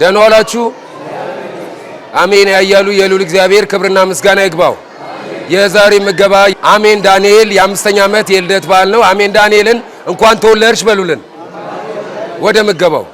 ደህና ዋላችሁ። አሜን ያያሉ የሉል እግዚአብሔር ክብርና ምስጋና ይግባው። የዛሬ ምገባ አሜን ዳንኤል የአምስተኛ ዓመት የልደት በዓል ነው። አሜን ዳንኤልን እንኳን ተወለድሽ በሉልን። ወደ ምገባው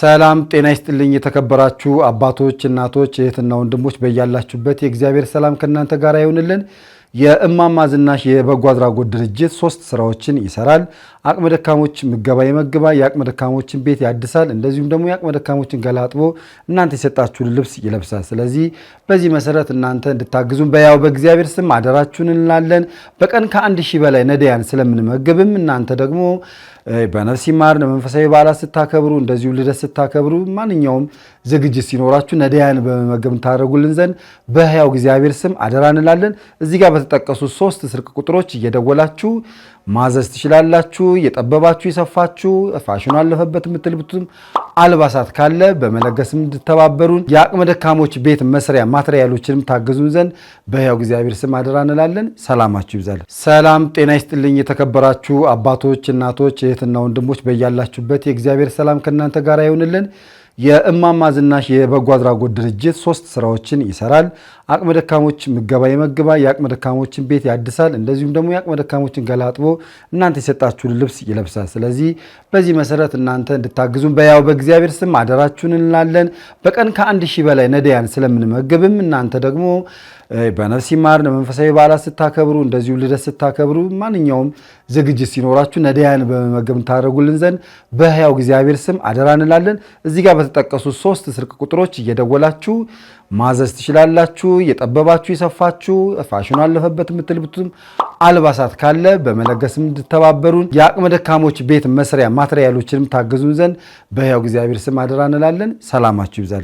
ሰላም ጤና ይስጥልኝ። የተከበራችሁ አባቶች፣ እናቶች፣ እህትና ወንድሞች በያላችሁበት የእግዚአብሔር ሰላም ከእናንተ ጋር ይሆንልን። የእማማ ዝናሽ የበጎ አድራጎት ድርጅት ሶስት ስራዎችን ይሰራል። አቅመ ደካሞች ምገባ ይመግባል። የአቅመ ደካሞችን ቤት ያድሳል። እንደዚሁም ደግሞ የአቅመ ደካሞችን ገላጥቦ እናንተ የሰጣችሁን ልብስ ይለብሳል። ስለዚህ በዚህ መሰረት እናንተ እንድታግዙን በያው በእግዚአብሔር ስም አደራችሁን እንላለን። በቀን ከአንድ ሺህ በላይ ነዳያን ስለምንመግብም እናንተ ደግሞ በነፍስ ይማር መንፈሳዊ በዓላት ስታከብሩ፣ እንደዚሁ ልደት ስታከብሩ፣ ማንኛውም ዝግጅት ሲኖራችሁ ነዳያን በመመገብ እንታደረጉልን ዘንድ በህያው እግዚአብሔር ስም አደራ እንላለን። እዚህ ጋር በተጠቀሱ ሶስት ስልክ ቁጥሮች እየደወላችሁ ማዘዝ ትችላላችሁ። የጠበባችሁ የሰፋችሁ ፋሽኑ አለፈበት የምትልብቱም አልባሳት ካለ በመለገስ እንድተባበሩን የአቅመ ደካሞች ቤት መስሪያ ማትሪያሎችንም ታገዙን ዘንድ በሕያው እግዚአብሔር ስም አደራ እንላለን። ሰላማችሁ ይብዛለን። ሰላም ጤና ይስጥልኝ። የተከበራችሁ አባቶች፣ እናቶች፣ እህትና ወንድሞች በያላችሁበት የእግዚአብሔር ሰላም ከእናንተ ጋር ይሆንልን። የእማማ ዝናሽ የበጎ አድራጎት ድርጅት ሶስት ስራዎችን ይሰራል። አቅመ ደካሞች ምገባ ይመግባል፣ የአቅመ ደካሞችን ቤት ያድሳል፣ እንደዚሁም ደግሞ የአቅመ ደካሞችን ገላጥቦ እናንተ የሰጣችሁን ልብስ ይለብሳል። ስለዚህ በዚህ መሰረት እናንተ እንድታግዙን በያው በእግዚአብሔር ስም አደራችሁን እንላለን። በቀን ከአንድ ሺህ በላይ ነዳያን ስለምንመግብም እናንተ ደግሞ በነፍስ ይማር መንፈሳዊ በዓላት ስታከብሩ፣ እንደዚሁ ልደት ስታከብሩ ማንኛውም ዝግጅት ሲኖራችሁ ነዳያን በመመገብ ታደረጉልን ዘንድ በህያው እግዚአብሔር ስም አደራ እንላለን። እዚህ ጋር በተጠቀሱ ሶስት ስልክ ቁጥሮች እየደወላችሁ ማዘዝ ትችላላችሁ። የጠበባችሁ የሰፋችሁ፣ ፋሽኑ አለፈበት የምትልብቱም አልባሳት ካለ በመለገስ እንድተባበሩን፣ የአቅመ ደካሞች ቤት መስሪያ ማትሪያሎችንም ታገዙን ዘንድ በህያው እግዚአብሔር ስም አደራ እንላለን። ሰላማችሁ ይብዛል።